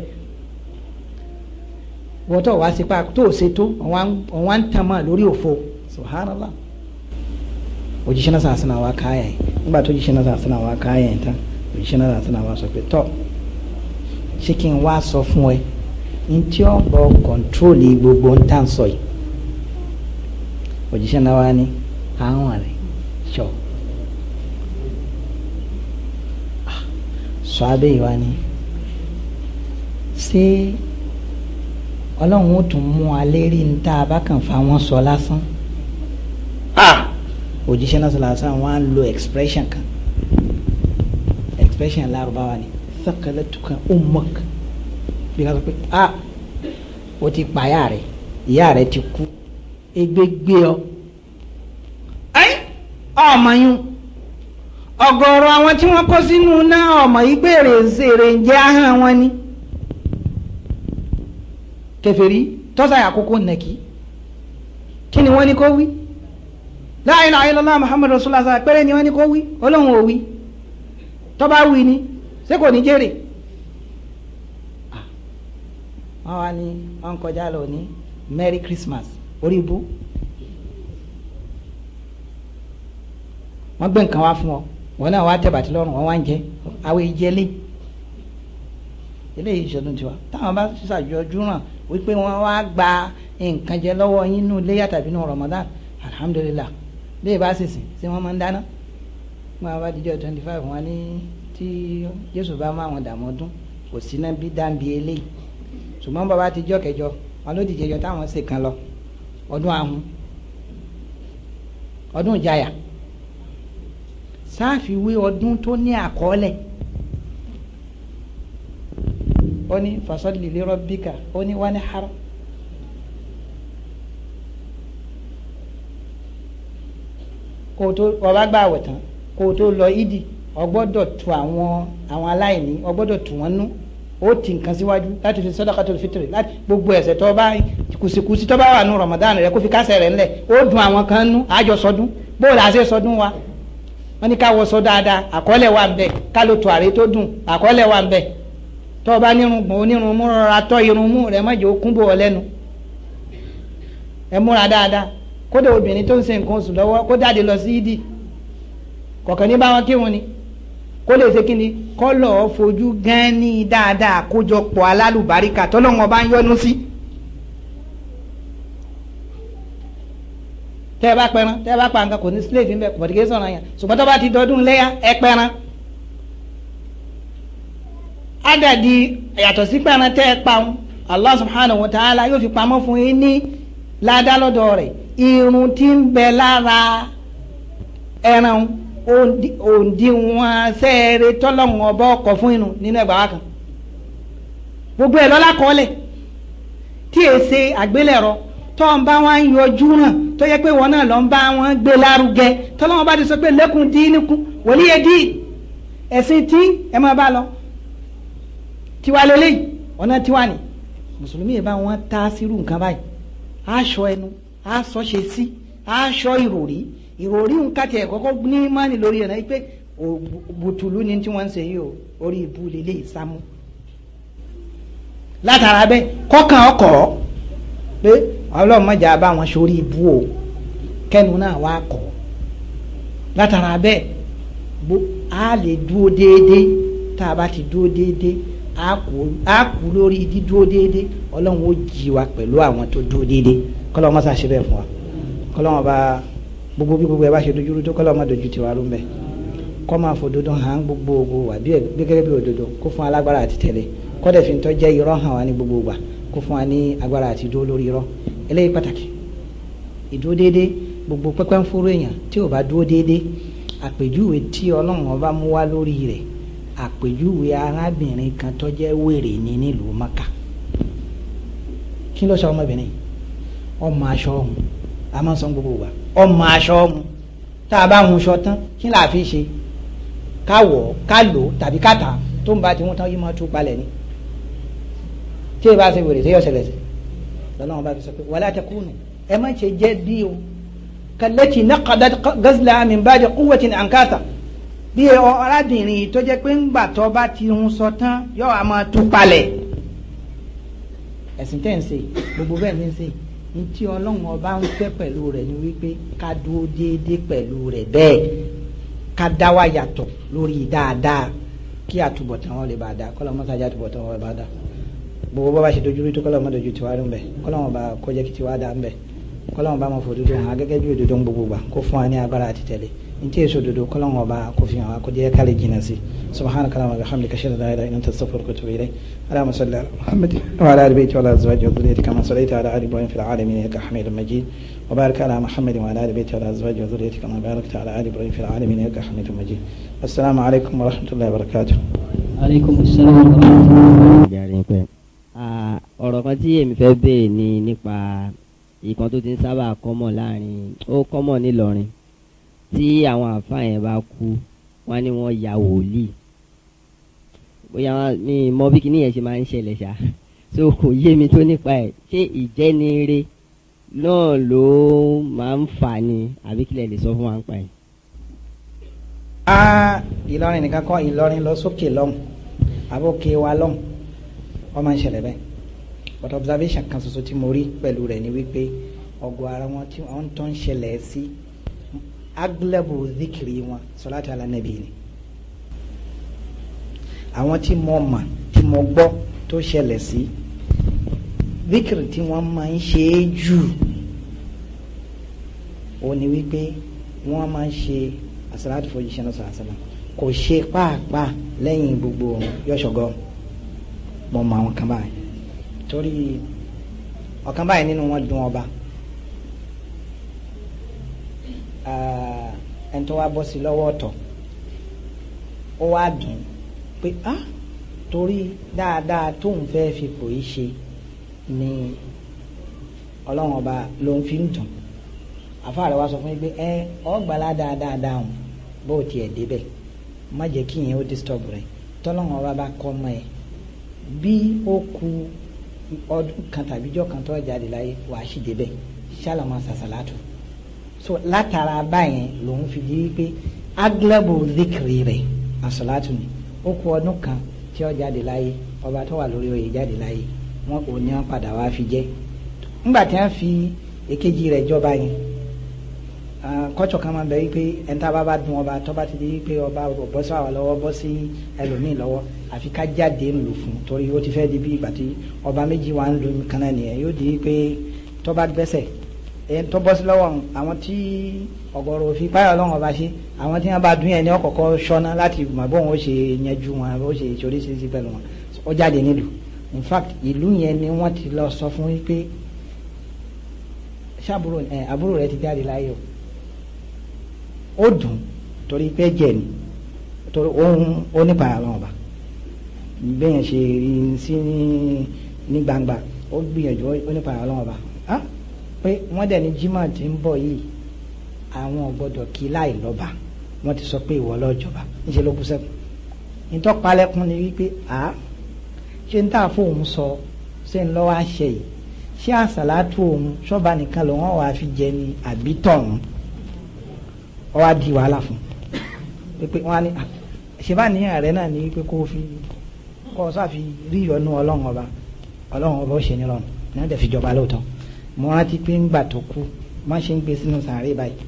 wọ́tọ̀ wá sí pa tó ṣe tó wọ́n wá ń tẹ̀mọ́ lórí òfo subhanallah òjíṣẹ́ náà sàásìnà wa káyà yìí nígbà tó jíṣẹ́ náà sàásìnà wa káyà yìí tán òjíṣẹ́ náà sàásìnà wa sọ pé tọ́ ṣé kí n wá sọ fún ẹ n tí ó bọ kọ̀ǹtrólì gbogbo ń tàn sọ yìí òjíṣẹ́ náà wá ní àwọn rẹ̀ sọ. Ah, sọ abẹ́ ìwà ni ṣé ọlọ́run ó tún mú alẹ́ rí ní tá wọn sọ lásán. Position as sọ̀rọ̀ àṣà one low expression kan expression lárúbáwá ni thakalatuka ummak bí because sọ pé ah o ti pa ìyá rẹ ìyá rẹ ti kú egbe gbé ọ ayi ọmọ yún ọ̀gọ̀rọ̀ àwọn tí wọ́n kó sínú náà ọmọ ìgbèrè ṣèrè ń jẹ ahọ́n wọn ni kèfèrí tọ́sà àkókò nàkí kí ni wọ́n ní kó wí la ilaha illallah muhammadu rasulullah sọ pẹ́rẹ́ ni wọ́n ní kó wí olóhùn ò wí tó bá wí ni ṣé kò ní jèrè ah, wọ́n wá ní wọ́n kọjá lọ ní merry christmas orí ibú wọ́n gbé nǹkan wá fún ọ wọ́n náà wá tẹ̀bàtì lọ́rùn wọ́n wá ń jẹ àwọn ìjẹlé eléyìí ìṣẹ̀dùn tiwa táwọn bá ṣàjọjú ràn wípé wọ́n wá gba nǹkan jẹ lọ́wọ́ yín nínú iléyà tàbí nínú ramadan alhamdulilah bí ìbá sèsìn ṣé wọ́n máa ń dáná wọn bá dijọ́ twenty five wọn ní tí jésù bá máa wọn dààmú ọdún kò sí náà bí dáńbi eléyìí ṣùgbọ́n bàbá ti jọ́ kẹjọ wọn ló dìjẹjọ táwọn ṣe kan lọ ọdún ahun ọdún ìjayà sáàfiwé ọdún tó ní àkọọ́lẹ̀ ó ní fasọ́lì lérò bíkà ó ní wani haro kó o tó ọba gbà àwẹ̀ tán kó o tó lọ ìdí ọgbọ́dọ̀ tu àwọn àwọn aláìní ọgbọ́dọ̀ tu wọn nú ó ti nǹkan síwájú láti fi sàdákàtul fitr láti gbogbo ẹ̀ṣẹ̀ tó bá kùsìkùsì tó bá wà nù Ramadan rẹ kó fi kásẹ̀ rẹ̀ ńlẹ̀ ó dùn àwọn kan nú àjọ sọdún bóòlù àṣẹ sọdún wa wọ́n ní ká wọ sọ dáadáa àkọọ́lẹ̀ wà ń bẹ ká lo tùwàrí tó dùn àkọọ́lẹ̀ wà ń bẹ tó bá nírun gbọ̀n onírun mú rọra tọ́ irun mú rẹ mọ́jọ́ kúnbọ̀ ọ lẹ́nu ẹ múra dáadáa kódà obìnrin tó ń ṣe nǹkan oṣù lọ́wọ́ kó jáde lọ sí ìdí kọ̀ọ̀kan ní báwọn kírun ni kó lè ṣe kíni kọ́ lọ́ọ́ fojú gan ní dáadáa àkójọpọ̀ alálùbáríkà tọ́lọ́wọ́n bá ń yọ́nú sí. tẹ́ ẹ bá pẹran tẹ́ ẹ bá pa nǹkan kò ní sílẹ̀ ìfínbẹ̀ pọ̀tìkì sọ̀rọ̀ yẹn ṣùgbọ́n tó bá ti dọdún lẹ́yà ẹ pẹran. ádàdì yàtọ̀ sí pẹran tẹ́ ẹ pa wọn Allah subhanahu wa ta'ala yóò fi pamọ́ fún yín ní ládá lọ́dọ̀ rẹ̀ irun tí ń bẹ lára ẹran òǹdíwọ̀n sẹ́ẹ̀rẹ̀ tọ́lọ́hún ọba ọkọ̀ fún inú nínú ẹgbàá kan gbogbo ẹ̀ lọ́la kọ́lẹ̀ tí èsè àgbélẹ̀rọ tọ́wọ́n bá wọn yọjú náà tó yẹ pé wọn náà lọ́n bá wọn gbé lárugẹ tọ́lọ́wọ́n bá ti sọ pé lẹ́kùn dín nìkú wòlíye dín ẹ̀sìn tí ẹ máa bá lọ tiwa lélẹ́yìn ọ̀nà tiwa ni mùsùlùmí yẹn bá wọn ta sírú nǹkan báyìí aṣọ ẹnu aṣọ ṣe sí aṣọ ìròrí ìròrí nǹkan tiẹ̀ kọ́kọ́ ní mánì lórí ẹ̀ náà pé bùtùlù ni tí wọ́n ń ṣe yìí o orí ibu lélẹ̀ ìsámú látara bẹ́ẹ̀ kọ́kàn ọkọ̀ pé ọlọ́run mọ̀jà bá wọn sórí ibu o kẹ́nu náà wá kọ̀ látara bẹ́ẹ̀ a lè dúró déédéé tá a bá ti dúró déédéé a kú lórí dídúró déédéé ọlọ́run ó jì wá pẹ̀lú àwọn tó dúró déédéé kọ́lọ́run má ṣàṣe bẹ́ẹ̀ fún wa kọ́lọ́run bá gbogbo bí gbogbo ẹ bá ṣe dojúrú tó kọ́lọ́run má dojú tiwa rú mbẹ́ kọ́ máa fò dodo hàn gbogbo ogo wà bí gẹ́gẹ́ bí òdodo kó fún alágbára àti tẹ̀lé kọ́dẹ̀ fi ń tọ́jẹ́ irọ́ hàn wá ní gbogbo gbà kó fún wa ní agbára àti dúró lórí irọ́ eléyìí pàtàkì ìdúró déédéé gbogbo pẹ́pẹ́ ń fúró èèyàn tí ò bá dúró déédéé àpèjúwe tí ọlọ́run ọba mú wá lórí rẹ̀ àpèjúwe arábìnrin kan tó jẹ́ wèrè ni nílùú maka kí ló sọ ọmọbìnrin ọmọ aṣọ ọhún a máa ń sọ gbogbo wa ọmọ aṣọ ọhún tá a bá hun aṣọ tán kí là á ṣe ká wọ̀ ká lò tàbí ká tà tó ń bá ti wọ́n tán yìí máa tú palẹ̀ ni tí ẹ bá ṣe wèrè tí yóò ṣẹlẹ̀ sí lọ́lọ́run bá fi sọ pé wala takunu ẹ má ṣe jẹ́ bí o kallati naqadat ghazlaha min ba'di quwwatin ankatha bí ọ̀rádìnrín tó jẹ́ pé ńgbà tó bá ti hun sọ tán yóò wá máa tú palẹ̀ ẹ̀sìn tẹ̀ ń ṣe gbogbo bẹ́ẹ̀ ní ṣe ní tí ọlọ́run ọba ń fẹ́ pẹ̀lú rẹ̀ ni wípé ká dúró déédéé pẹ̀lú rẹ̀ bẹ́ẹ̀ ká dá wa yàtọ̀ lórí dáadáa kí àtúbọ̀tán wọn lè bá a dá kọ́lọ́ mọ́tà jẹ́ àtúbọ̀tán wọn lè bá a dá gbogbo bá ba ṣe dojú rí tó kọ́lọ́ mọ́ dojú tiwa rí ń bẹ̀ kọ́lọ́ wọn bá kọjá kí tiwa dá ń bẹ̀ kọ́lọ́ wọn bá mọ̀ fòdodo hàn gẹ́gẹ́ bí òdodo ń gbogbo gbà kó fún wa ní agbára àti tẹ̀lé ntí èso dodo kọ́lọ́n ọba kò fi hàn wá kó jẹ́ ká lè jìnnà sí subhanaka allahumma wa bihamdika ashhadu an la ilaha illa anta astaghfiruka wa atubu ilayk allahumma salli ala muhammad wa ala ali baiti wa ala azwaji wa dhurriyyati kama sallaita ala ali ibrahim fil alamin innaka hamidum majid wa barik ala muhammad wa ala ali baiti wa ala azwaji wa dhurriyyati kama barakta ala ali ibrahim fil alamin innaka hamidum majid assalamu alaykum wa rahmatullahi wa barakatuh aleykum salaam wa rahmatulah. ọ̀rọ̀ kan tí èmi fẹ́ béèrè ni nípa ìkan tó ti ń sábà kọ́mọ̀ láàrin ó kọ́mọ̀ nílọrin tí àwọn àfáà yẹn bá kú wọn ni wọn ya wòlíì bóyá mi mọ bí kíní yẹn ṣe máa ń ṣẹlẹ̀ ṣá so kò yé mi tó nípa ẹ̀ ṣé ìjẹ́niire náà ló máa ń fà ni àbí kílẹ̀ lè sọ fún wa ń pa ẹ̀. a Ìlọrin nìkan kọ́ Ìlọrin lọ sókè lọ́hùn àbókè wa lọ́hùn wọ́n máa ń ṣẹlẹ̀ bẹ́ẹ̀ but observation kan ṣoṣo tí mo rí pẹ̀lú rẹ̀ ni wípé ọgọ́ ara wọn tí wọ́n tó ń ṣẹlẹ̀ sí. Si aglabu zikiri wọn salatu ala nabi ni àwọn tí mo mọ̀ tí mo gbọ́ tó ṣẹlẹ̀ sí zikiri tí wọ́n máa ń ṣe é jù ó ní wípé wọ́n máa ń ṣe asalatu fojúṣe náà sọ̀rọ̀ àṣàlá kò ṣe pàápàá lẹ́yìn gbogbo yọ̀ṣọ̀gọ́ mo mọ̀ àwọn kan báyìí torí ọ̀kan báyìí nínú wọn dùn ọba. Ah, ẹni tó wá bọ́ sí lọ́wọ́ ọ̀tọ̀ ó wá dùn pé ah torí dáadáa tóun fẹ́ fipò yìí ṣe ni ọlọ́run ọba ló ń fi ń dùn àfa rẹ̀ wá sọ fún mi pé ẹ ọgbàlá dáadáa dáhùn bó o tiẹ̀ débẹ̀ má jẹ́ kí yẹn ó disturb rẹ̀ tọ́lọ́run ọba bá kọ́ ọmọ ẹ̀ bí ó ku ọdún kan tàbí ijọ́ kan tó jáde láyé wàá sì débẹ̀ ṣálàmù àṣàṣàlátù so látara báyẹn lòun fi di wípé agilẹ́bù zikiri rẹ̀ àsọ̀látù ni ó kú ọdún kan tí ó jáde láyé ọba tó wà lórí oyè jáde láyé wọn ò ní wọn padà wá fi jẹ nígbà tí wọn fi èkejì rẹ̀ jọba yẹn kọ́tsọ̀ ah, kan máa bẹ wípé ẹni tá a bá bá dun ọba tó ti di wípé ọba bọ́ sí àwọn lọ́wọ́ bọ́ sí ẹlòmíì lọ́wọ́ àfi ká jáde ń lò fún torí ó ti fẹ́ di bí ìgbà tí ọba méjì wà ń lo kan nìyẹn yóò di wípé tó bá gbẹ́sẹ̀ èyí tó bọ́ sí lọ́wọ́ àwọn tí ọ̀gọ̀rọ̀ òfin páyọ̀ ọlọ́run ọba ṣe àwọn tí wọ́n bá dún yẹn ní ọkọ̀ọ̀kọ́ ṣọ́ná láti mọ̀ bóun ó ṣe yanjú wọn ó ṣe ìṣoríṣiríṣi pẹ̀lú wọn ó jáde nílùú in fact ìlú yẹn ni wọ́n ti lọ sọ fún pé ṣàbúrò ẹ àbúrò rẹ ti jáde láyé o ó dùn torí pé jẹ ni torí òun onípàyà ọlọ́run ọba bẹ́ẹ̀ ṣe rí sí ní gbangba ó gbìyànjú onípàyà ọlọ́run ọba pé wọ́n dẹ̀ ní jimá tí ń bọ̀ yìí àwọn ò gbọ́dọ̀ kí láì lọ́ba wọ́n ti sọ pé ìwọ lọ́jọba níṣẹ́ ló kú sẹ́kùn ìtọ́palẹ̀kùn ni wípé a ṣé ń tà fóun sọ ṣé ń lọ́wọ́ àṣẹ yìí ṣé àṣàlátù òun ṣọ́ba nìkan lòun ọ̀ wá fi jẹ ni àbí tọ̀hún ọ wá di wàhálà fún un pé wọ́n á ní ṣèbá níyàn rẹ̀ náà ni wípé kó o fi kó o sáfi rí ìyọnu ọlọ́run ọba ọlọ́run ọba ó ṣe ní ní wọ́n dẹ̀ fi jọba lóòótọ́ mo rántí pé ńgbà tó kú má ṣe ń gbé sínú sàárè báyìí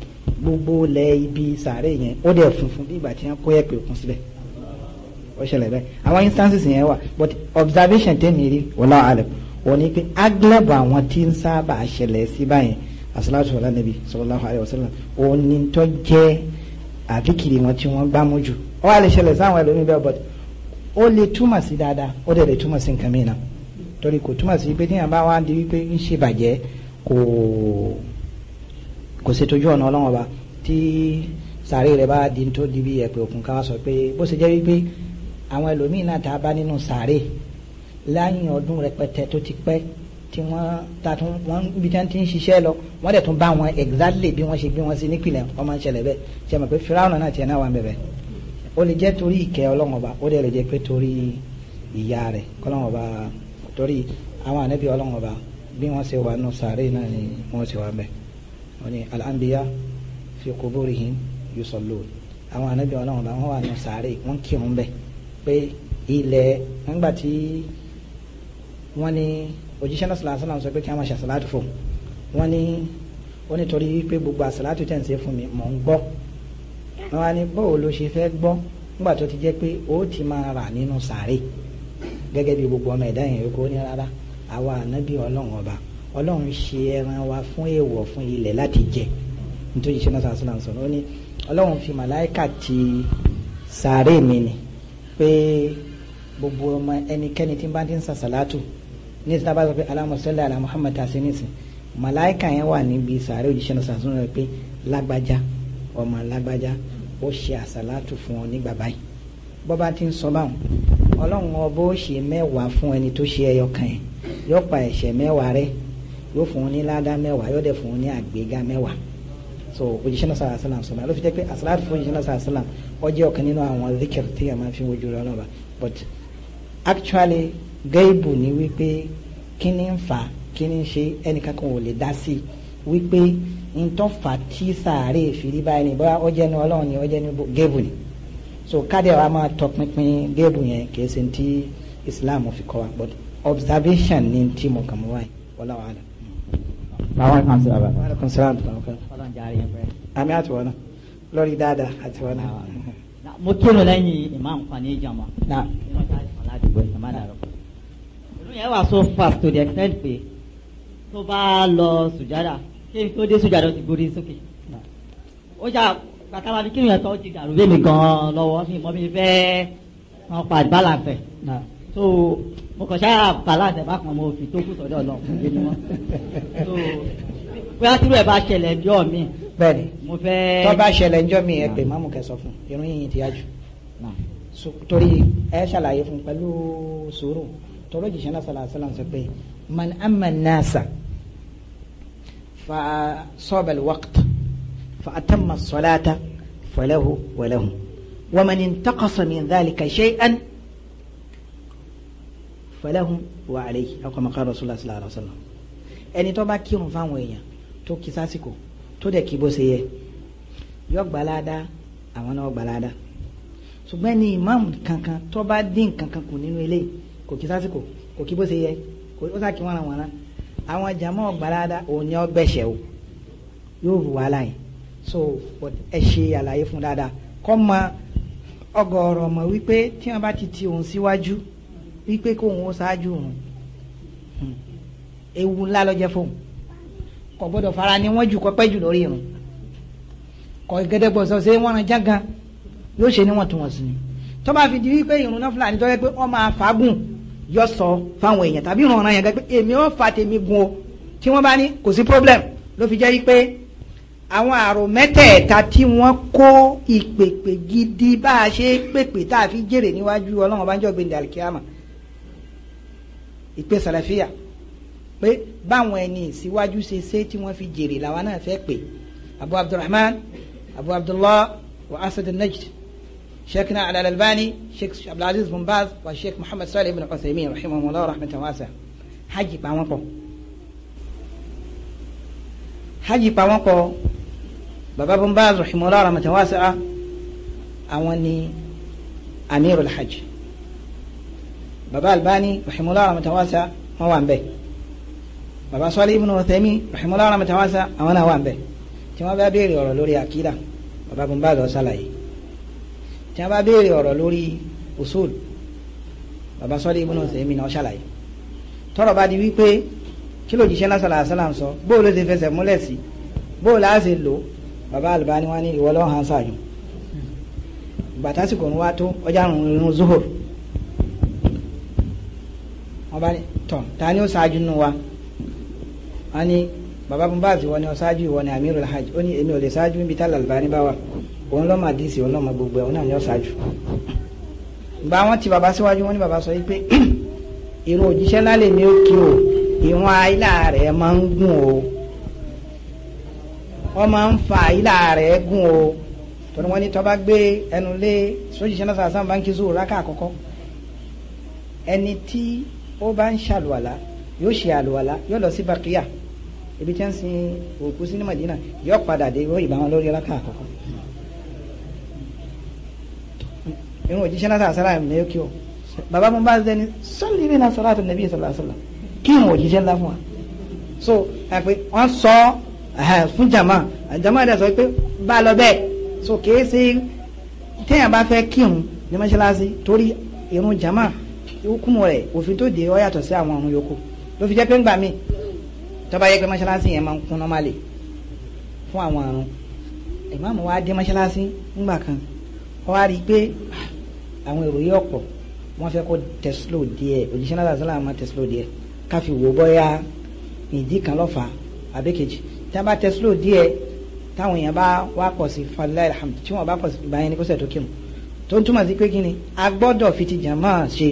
gbogbo lẹ ibi sàárè yẹn ó dẹ̀ funfun bí ìgbà tí wọ́n kó yẹ̀pẹ̀ kún síbẹ̀ ó ṣẹlẹ̀ bẹ́ẹ̀ àwọn instances yẹn wà but observation tèmi rí wọlá àlẹ wọ́n ní pé aglẹ́bọ̀ àwọn tí ń sábà ṣẹlẹ̀ sí báyìí asalaatu ala nabi sallallahu alayhi wa sallam òun ni tó jẹ́ àbíkiri wọn tí wọ́n gbámú jù ó wà lè ṣẹlẹ̀ sáwọn ẹlòmíì bẹ́ẹ̀ but ó lè túmọ̀ sí dáadáa ó dẹ̀ lè túmọ̀ sí nǹkan mìíràn torí kò túmọ̀ sí pé tíyànbá wa di wípé ń ṣe bàjẹ́ kò kò ṣètò ojú ọ̀nà ọlọ́run ọba tí sàárè rẹ̀ bá di tó di bí ẹ̀pẹ̀ òkun ká wá sọ pé bó ṣe jẹ́ wípé àwọn ẹlòmíín náà tá a bá nínú sàárè láyìn ọdún rẹpẹtẹ tó ti pẹ́ tí wọ́n ta tún wọ́n níbi tí wọ́n ti ń ṣiṣẹ́ lọ wọ́n dẹ̀ tún bá wọn exactly bí wọ́n ṣe bí wọ́n ṣe nípìnlẹ̀ wọ́n máa ń ṣẹlẹ̀ bẹ́ẹ̀ ṣe mọ̀ pé firaun náà tiẹ̀ náà wà ń bẹ̀bẹ̀ ó lè jẹ́ torí ìkẹ́ ọlọ́run ọba ó dẹ̀ lè jẹ́ pé torí ìyá rẹ̀ kọ́lọ́run ọba torí àwọn ànábì ọlọ́run ọba bí wọ́n ṣe wà nù sàárè náà ni wọ́n ṣe wà mẹ́ wọ́n ní al-anbiya fi quburihim yusallun àwọn anabi ọlọ́run bá wọ́n wà nù sàárè wọ́n kírun bẹ́ pé ilẹ̀ nígbà tí wọ́n ní òjíṣẹ́ náà sàlàsà náà sọ pé kí wọ́n máa ṣe àsàlátù fún wọ́n ní ó nítorí pé gbogbo àsàlátù tẹ̀ ń ṣe fún mi mò ń gbọ́ wọ́n wá ní bọ́ọ̀ ló ṣe fẹ́ gbọ́ nígbà tó ti jẹ́ pé ó ti máa rà nínú sàárè gẹ́gẹ́ bí gbogbo ọmọ ẹ̀dá yẹn yòókù ó ní rárá àwa ànábì ọlọ́run ọba ọlọ́run ṣe ẹran wa fún èèwọ̀ fún ilẹ̀ láti jẹ nítorí iṣẹ́ náà sàṣọ náà sọ̀rọ̀ ó ní ọlọ́run fi màláìkà ti sàárè mi ni pé gbogbo ọmọ ẹnikẹ́ni tí n bá ti ń sàṣàlátù ní ti tábà pé alámọ̀sẹ́lẹ̀ àlá Muhammad asenisi màláìkà yẹn wà níbi sàárè òjíṣẹ́ náà sàṣọ náà pé lágbájá ọmọ lágbájá ó ṣe àṣàlátù fún ọ nígbà báyìí bọ́ bá ti ń sọ báwọn ọlọ́run ọba ó ṣe mẹ́wàá fún ẹni tó ṣe ẹyọ kan yẹn yóò pa ẹ̀ṣẹ̀ mẹ́wàá rẹ yóò fún un ní ládá mẹ́wàá yóò dẹ̀ fún un ní àgbéga mẹ́wàá so òjíṣẹ́ náà sàrà sàlám sọ̀rọ̀ ló fi jẹ́ pé àsàlátù fún òjíṣẹ́ náà sàrà sàlám ó ọ̀kan nínú àwọn zikir tí a máa fi wojú rẹ ọlọ́ba but actually gẹ́ìbù ni wípé kí ni ń fa kí ni ń ṣe ẹnìkan kan ò lè dá sí wípé n tó fà tí sàárè fìrí báyìí ni bóyá ó jẹ́ ní ọlọ́run ni ó jẹ́ ní ni so kádẹ́ wa máa tọpinpin gẹ́ìbù yẹn kì í ṣe ti Islam fi kọ́ wa gbọ́dọ̀ observation ni ti mo kàn mọ́ wáyé wọ́lá wàhálà. báwa kan sọ àbá. wàhálà kan sọ àbá. ọlọ́run jaari ẹ bẹ́ẹ̀. àmì àti wọn náà lórí dáadáa àti wọn náà. mo kírun lẹ́yìn imam kan Jama. Na. náà ìmọ̀ sáà ti kàn ládùúgbò ìjàmbá dàrú. ìlú yẹn wà so fast to the extent pe. tó ba lọ sùjádà kí n tó dé sùjádà ó ti gorí sókè. ó jà bàtà wà ní kírun yẹn tó ti dàrú bẹ́ẹ̀ mi gan-an lọ́wọ́ mi mọ́ mi fẹ́ wọn pa Na so mo kàn ṣáà bàlá àtẹ̀bá kan mo fi tó kù sọ̀rọ̀ ọ̀nà òkùnjẹ ni wọ́n. bóyá tírú ẹ̀ bá ṣẹlẹ̀ ńjọ́ mi. bẹ́ẹ̀ni mo fẹ́. tó bá ṣẹlẹ̀ ńjọ́ mi ẹ pè máàmù kẹsàn fún irun yìnyín ti yájú. torí ẹ ṣàlàyé fún pẹ̀lú sùúrù tọ́lọ́ jìṣẹ́ náà sọ̀rọ̀ àṣàlàn sọ pé man ama nasa fa sọ́bẹ̀l waqt fa atamma sọ́láta falahu walahu wa man intaqasa min dhalika shay'an falahu wa alayhi akọmọkà rasulillah sallallahu alayhi wa sallam ẹni tó bá kírun fáwọn èèyàn tó kí sásìkò tó dẹ̀ kí bó ṣe yẹ yọ gbalada àwọn náà gbalada ṣùgbọ́n ní ìmáàmù kankan tó bá dín kankan kù nínú ilé kò kí sásìkò kò kí bó ṣe yẹ kò ó sàkí wọn àwọn náà àwọn jàmọ́ gbalada òun ni ó gbẹ̀ṣẹ̀ o yóò rù wàhálà yẹn so ẹ ṣe àlàyé fún dáadáa kọ́ mọ ọgọ́rọ̀ mọ̀ wípé tí wọ́n bá ti ti òun síwájú. Si wípé kóun ó ṣáájú òun hmm. ewu ńlá ló jẹ́ fóun kò gbọ́dọ̀ fara ni wọ́n jù kọ́ pẹ́ jù lórí irun kọ́ gẹ́dẹ́gbọ̀ sọ ṣé wọ́n ran jágan yóò ṣe níwọ̀ntúnwọ̀nsì ni tó bá fi di wípé irun náà fúlàní tó yẹ pé wọ́n máa fàágùn yọ sọ fáwọn èèyàn tàbí ìrànràn yẹn gẹ́gẹ́ èmi ò fa tèmi gun o tí wọ́n bá ní kò sí problem ló fi jẹ́ wípé àwọn àrùn mẹ́tẹ̀ẹ̀ta tí wọ́n kó ìpèpè gidi bá a ṣe pèpè tá a fi jèrè níwájú ọlọ́run ọbànjọ́ gbẹ̀ndẹ̀ àlìkíyàmà ìpè sàlàfíà pé báwọn ẹni síwájú ṣe ṣe tí wọ́n fi jèrè làwọn náà fẹ́ pè abu abdulrahman abu abdullah wa asad najd sheikhna alalbani sheikh abdulaziz bin baz wa sheikh muhammad salih bin usaymin rahimahumullah rahmatan wasa hajj pa wọ́n pọ̀ hajj pa wọ́n pọ̀ baba bin baz rahimahullah rahmatan wasa àwọn ni amirul hajj baba albani rahimahullah rahmatawasa wọn wà ń bẹ baba sọlí ibùnú ọ̀tẹ́mí rahimahullah rahmatawasa àwọn náà wà ń bẹ tí wọ́n bá béèrè ọ̀rọ̀ lórí akida baba bùnbà lọ sàlàyé tí wọ́n bá béèrè ọ̀rọ̀ lórí usul baba sọlí ibùnú ọ̀tẹ́mí náà sàlàyé tọ́rọ̀ bá di wípé kí ló jíṣẹ́ lásàlà àṣàlà ń sọ bóòlù ti fẹsẹ̀ múlẹ̀ sí bóòlù á sì lò baba albani wọn ní ìwọlọ́hàn sáàyùn gbàtásìkò ń wá tó ọjà ń rún zuhur bá ní tọ̀ ta ni ó ṣáájú nù wa wọ́n ní bàbá bùnbà àti wọn ni ó ṣáájú ìwọ ni amirul hajj ó ní èmi ò lè ṣáájú níbi tá làlùbáni bá wà òun o àdìsí òun lọ́mọ gbogbo ẹ̀ òun náà ni ó ṣáájú. gba wọn ti bàbá síwájú wọn ni bàbá sọ yìí pé ìrun òjíṣẹ́ lálẹ́ mi ó kí o ìwọ̀n àìlà rẹ̀ máa ń gùn o wọ́n máa ń fa àìlà rẹ̀ gùn o torí wọ́n ní tó bá gbé ẹnu lé sójìṣẹ́ náà sàásàn bá ń kí zuwò rákà àkọ́kọ́ ó bá ń ṣàlùwàlá yóò ṣe àlùwàlá yóò lọ sí bakiya ibi tí wọ́n sin òkú sí ní Madina yóò padà dé yóò ìbá wọn lórí rákà àkọ́kọ́ ìrun òjíṣẹ́ náà sàrà ẹ̀ ní kí o bàbá mo bá zẹni sọ́ọ̀lì rẹ̀ náà sọ́ọ̀lá tó nàbí sọ̀lá sọ̀lá kí ìrun òjíṣẹ́ ńlá fún wa so àpè wọ́n sọ fún jama jama dẹ̀ sọ pé bá a lọ bẹ́ẹ̀ so kìí ṣe téèyàn bá fẹ́ kírun ní mọ́ṣáláṣí torí ìrun jama hukumu rẹ̀ òfin tó de ọ yàtọ̀ sí àwọn ọ̀run yòókù ló fi jẹ́ pé ń gbà mí tó bá yẹ pé mọ́ṣáláṣí yẹn máa ń kún nọ́málì fún àwọn àrùn ìmáàmù wa dé mọ́ṣáláṣí ńgbà kan wọ́n wá rí i pé ah, àwọn èrò yìí ọ̀pọ̀ wọ́n fẹ́ kó tẹ̀sílò díẹ̀ òjíṣẹ́ náà sọ́lá máa tẹ̀sílò díẹ̀ ká fi wò bọ́yá ìdí kan lọ́fà àbẹ́kejì tí wọ́n bá tẹ̀sílò díẹ̀ táwọn èèyàn bá wá pọ̀ sí falilá ilhamdu tí wọ́n bá pọ̀ sí ìbáyẹn ní kó sẹ̀ tó kí mu tó ń túmọ̀ sí pé kí ni a fi ti jàmáà ṣe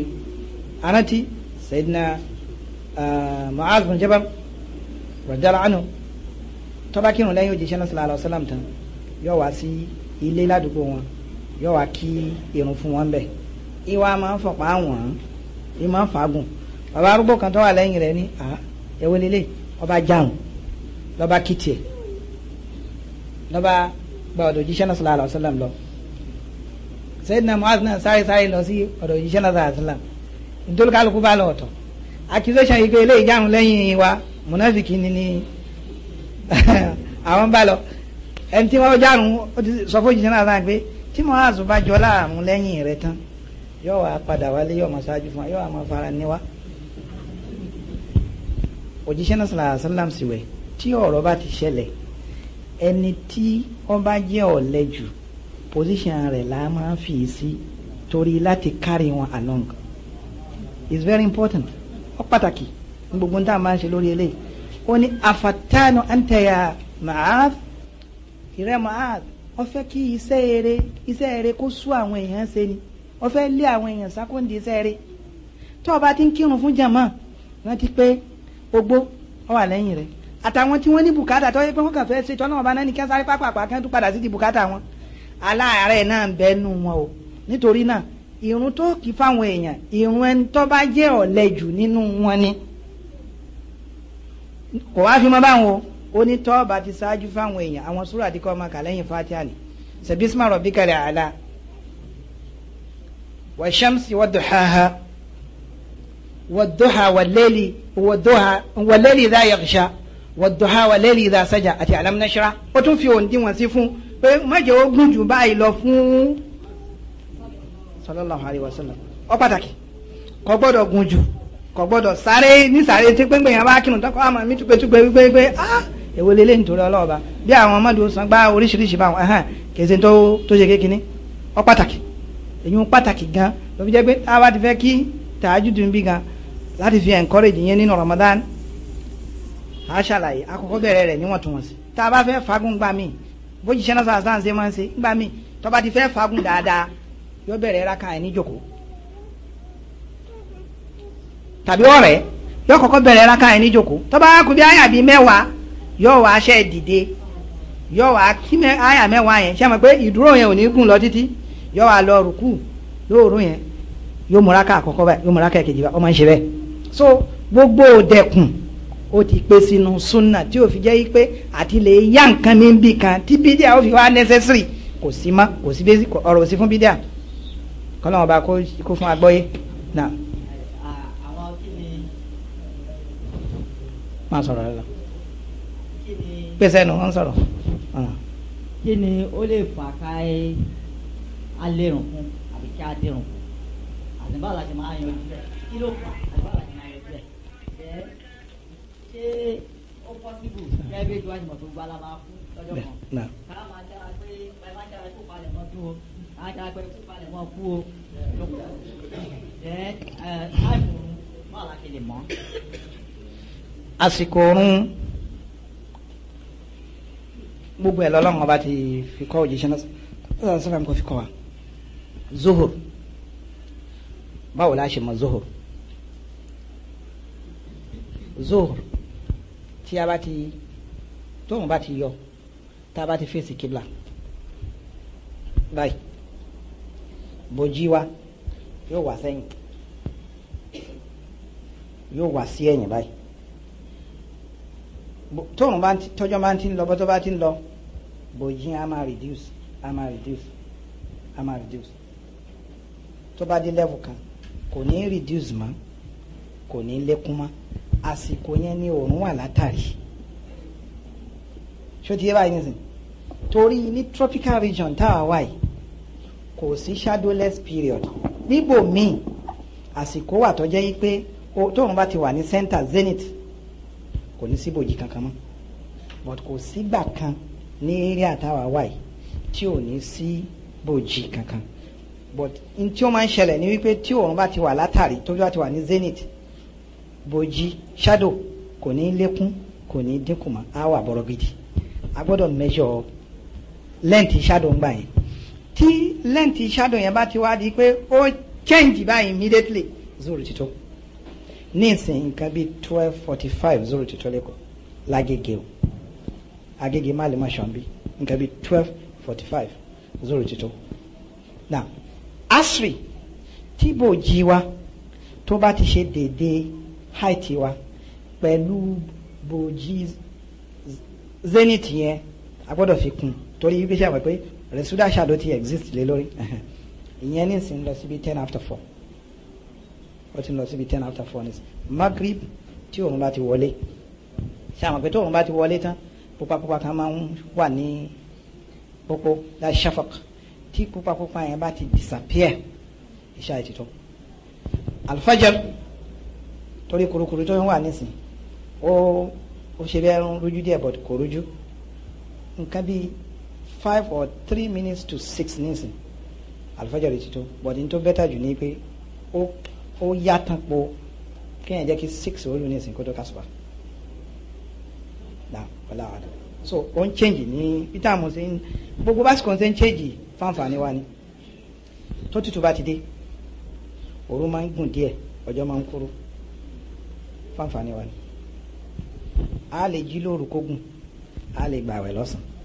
anati sayidina uh, muaz bin jabal rọjàlá ànú tọ́ba kírun lẹ́yìn òjíṣẹ́ náà sallallahu alaihi wasallam tán yóò wá sí ilé ládùúgbò wọn yóò wá kí irun fún wọn bẹ̀ ìwà máa ń fọ̀pá àwọn ìmọ̀ máa ń fagùn bàbá arúgbó kan tó wà lẹ́yìn rẹ̀ ní ẹ̀wọ́ lélẹ̀ ọba jáàmù lọ́ba kìtìẹ̀ lọ́ba gba ọ̀dọ̀ òjíṣẹ́ náà sallallahu alaihi wasallam lọ sayidina muaz náà sáré sáré lọ sí ọ̀dọ̀ òjíṣẹ́ náà sallallahu alaihi wasallam ntolukálukú bá lọ ọ̀tọ̀ accusation yìí pé eléyìí jáàmù lẹ́yìn wa munafiki ni ni àwọn bá lọ ẹni tí wọ́n jáàmù ó ti sọ fún jíjẹ́ náà sáà pé tí mo hàn sùnfà jọ láàmú lẹ́yìn rẹ̀ tán yóò wá padà wálé yóò máa ṣáájú fún wa yóò wá máa fara níwá òjíṣẹ́ náà sàlàyé sàlám sì wẹ̀ tí ọ̀rọ̀ bá ti ṣẹlẹ̀ ẹni tí wọ́n bá jẹ́ ọ̀lẹ position rẹ̀ la máa fi sí torí láti carry wọn along is very important ó pàtàkì ní gbogbo ní tá a máa ń ṣe lórí eléyìí ó ní afatanu antaya maaz ìrẹ́ maaz ó fẹ́ kí iṣẹ́ eré iṣẹ́ eré kó sú àwọn èèyàn ṣe ni ó fẹ́ lé àwọn èèyàn sákòndì iṣẹ́ eré tó o bá ti ń kírun fún jàmá rántí pé ogbó ó wà lẹ́yìn rẹ̀ àtàwọn tí wọ́n ní bùkátà tó yẹ pé wọ́n kàn fẹ́ ṣe tọ́nà ọba náà ní kí wọ́n sáré pápá àpá padà sí di bùkátà wọn aláàárẹ̀ náà ń wọn o nítorí náà ìrun tó kì fáwọn èèyàn ìrun ẹni tó bá jẹ́ ọ̀lẹ jù nínú wọn ni kò wá fi mọ́ báwọn o ó ní tọ́ bá ti ṣáájú fáwọn èèyàn àwọn súrà àti kọ́ ọmọ kà lẹ́yìn fatiha ni sẹ̀bísímà rọ̀bí kẹrẹ̀ àlá wàṣẹ́mùsì wàdùhàhà wàdùhà wàlẹ́lì wàdùhà wàlẹ́lì ìdá yaghsha wàdùhà wàlẹ́lì ìdá saja àti alam nashra ó tún fi òǹdíwọ̀n sí fún pé má jẹ́ jù báyìí lọ fún sallallahu alayhi wa sallam ọ pàtàkì kò gbọ́dọ̀ gùn jù kò gbọ́dọ̀ sáré ní sáré tí pẹ́ngbẹ́ yẹn bá kírun tán kọ́ àmọ́ mi tún pẹ́tù pé pé pé ah èwo lélẹ́ nítorí ọlọ́ọ̀ba bí àwọn ọmọdé sàn gbá oríṣiríṣi bá wọn ẹ̀hán kèsè tó tó ṣe kékiní ọ pàtàkì èyí ń pàtàkì gan ló fi pé tá a bá ti fẹ́ kí tààjú dùn bí gan láti fi encourage yẹn nínú Ramadan a ṣàlàyé àkọ́kọ́ bẹ̀rẹ̀ rẹ̀ níwọ̀ntúnwọ̀nsì tá a bá fẹ́ fagun gbà mí bójúṣẹ́ náà sàásàn ṣe máa ń ṣe gbà mí tó ti fẹ́ fagun dáadáa yóò bẹ̀rẹ̀ raka ẹ̀ níjòkó tàbí ọ̀rẹ́ yóò kọ́kọ́ bẹ̀rẹ̀ raka ẹ̀ níjòkó tó bá kú bí àyà bíi mẹ́wàá yóò wá aṣẹ́ dìde yóò wá kí àyà mẹ́wàá yẹn ṣe mọ̀ pé ìdúró yẹn ò ní gùn lọ títí yóò wá lọ rùkú lóòrú yẹn yóò mú raka àkọ́kọ́ báyìí yóò mú raka ẹ̀kejì báyìí ọmọ ń ṣe bẹ́ẹ̀ so gbogbo dẹkùn ó ti pé sínú súnà tí ó fi jẹ́ pé àti lè yá nǹkan mi ń tí bídíà ó fi wá necessary kò sí mọ́ kò sí bẹ́sì ọ̀rọ̀ sí fún bídíà kọ́lọ́mù ọba kó fún agbọ́yé náà. àwọn kí ni. máa sọ̀rọ̀ lọ. kí ni. pèsè ẹnu wọn sọ̀rọ̀. kí ni ó lè fà ká ẹ alẹ́ rùn fún àbí kí á dẹrùn fún àdìbò aláṣẹ máa yanjú rẹ kí ló fà àdìbò aláṣẹ máa yanjú rẹ ṣé ó pọ́sibù kẹ́ bí ìjọba ìmọ̀ tó gbá la máa fún lọ́jọ́ kan ká máa dára pé bàbá dára tó palẹ̀ mọ́ tó àjà agbẹnusọ balẹ̀ wọn kú o àsìkò oorun gbogbo ẹ̀ lọ́lọ́run ọba ti fi kọ́ òjíṣẹ́ náà sọ́dọ̀ kò fi kọ́ wa zuhur báwo la ṣe mọ̀ zuhur zuhur tí a bá ti tóun bá ti yọ tá a bá ti fèsì kíbla báyìí bojí wa yóò wá sẹ́yìn yóò wá sí ẹ̀yìn báyìí tóun bá tọ́jọ́ bá ti ń lọ bọ́tọ́ bá ti ń lọ bojí á máa reduce á máa reduce á máa reduce tó bá dé level kan kò ní reduce mọ́ kò ní lékún mọ́ àsìkò yẹn ni òòrùn wà látàrí ṣó ti yé báyìí nísìnyí torí ní tropical region tá a wà kò sí shadowless period níbò míì àsìkò wà tó jẹ́ yí pé tóun bá ti wà ní center zenith kò ní síbòjì kankan mọ́ but kò sígbà kan ní eré àtàwà wáyé tí ò ní síbòjì kankan but n tí ó máa ń ṣẹlẹ̀ ní wípé tí òun bá ti wà látàrí tójú bá wà ní zenith bòjì shadow kò ní lékún kò ní dínkù mọ́ á wà bọ̀rọ̀ gidi a gbọ́dọ̀ measure length shadow ń gbà yẹn tí lẹ́ǹtì shadow yẹn bá ti wá di pé ó change báyìí immediately. zoro ti tó ní ìsìn nǹkan bíi twelve forty five zoro ti tó lẹ́kọ̀ọ́ lágége o agége má lè má ṣàn bí nǹkan bíi twelve forty five zoro ti tó. now asri tí bòjì wa tó bá ti ṣe déédéé height wa pẹ̀lú bòjì zenith yẹn a gbọ́dọ̀ fi kún torí wípé ṣe àwọn pé rẹ̀súdà ṣàdó ti exist lé lórí ìyẹn ní sìn lọ síbi ten after four ó ti lọ síbi ten after four nísìn magrib tí òun bá ti wọlé ṣe àmọ̀ pé tí òun bá ti wọlé tán pupapupa kan máa ń wà ní pópó láti ṣàfọ̀k tí pupapupa yẹn bá ti disappear iṣẹ́ àti tó alfajr torí kurukuru tó ń wà nísìn ó ó ṣe bẹ́ẹ̀ rújú díẹ̀ but kò rújú nǹkan bíi five or three minutes to six nísìn alifajari ti tó but n tó bẹ́tà jù ní pé ó ó yá tán po kéèyàn jẹ́ kí six olú nísìn kó tó kásùbà dà wọlé àwọn so ó ń change ní peter mose ń gbogbo básìkò ṣe ń change fáǹfààní wa ni tó tutù bá ti dé òru máa ń gùn díẹ̀ ọjọ́ máa ń kúrú fáǹfààní wa ni a lè jí lóru kó gùn a lè gbàwẹ̀ lọ́sàn-án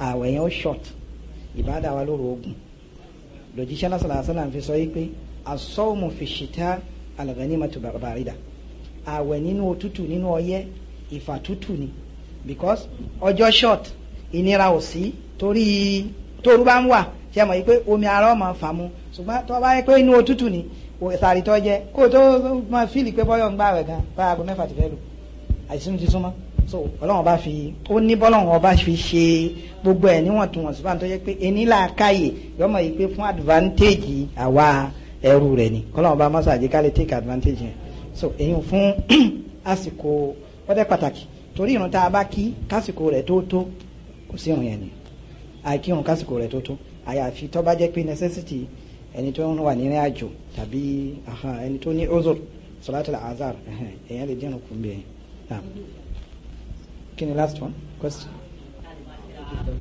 àwẹ̀ yẹn ó short ìbáda wa lóru ogun lòjíṣẹ́ lásàlá àṣàlà fi sọ yìí pé asọ́wọ́mù fi ṣìtá alghanimatu bàrídà àwẹ̀ nínú òtútù nínú ọyẹ́ ìfàtútù ni because ọjọ́ short ìnira ò sí torí tóru bá ń wà ṣe mọ̀ yìí pé omi ara ọ̀ máa fà mu ṣùgbọ́n tó bá yẹ pé inú òtútù ni sàrì tó jẹ kó tó máa fíìlì pé bọ́yọ̀ ń gbà rẹ̀ gan bá aago mẹ́fà ti fẹ́ lò àìsínú ti súnmọ́ so ọlọ́run bá fi ó ní bọ́lọ́run ọba fi ṣe gbogbo ẹ̀ níwọ̀ntúnwọ̀nsì bá ń tọ́jú pé ení là á káyè yọmọ yìí pé fún advantage àwa ẹrú rẹ̀ ni ọlọ́run bá mọ́sá àjẹká lè take advantage yẹn so èyí fún àsìkò ọdẹ pàtàkì torí ìrun tá a bá kí kásìkò rẹ̀ tó tó kò sí ìrun yẹn ni àìkí ìrun kásìkò rẹ̀ tó tó àyàfi tó bá jẹ́ pé necessity ẹni tó ń wà nírìn àjò tàbí ẹni tó ní ozone sọlá tó lè azar ẹ̀yẹn lè dín ìrun kù ń Can you last one question?